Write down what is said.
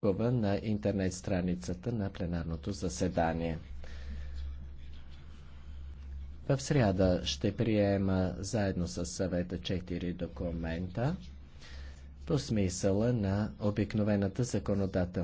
публикува на интернет страницата на пленарното заседание. В сряда ще приема заедно с съвета 4 документа по смисъла на обикновената законодателна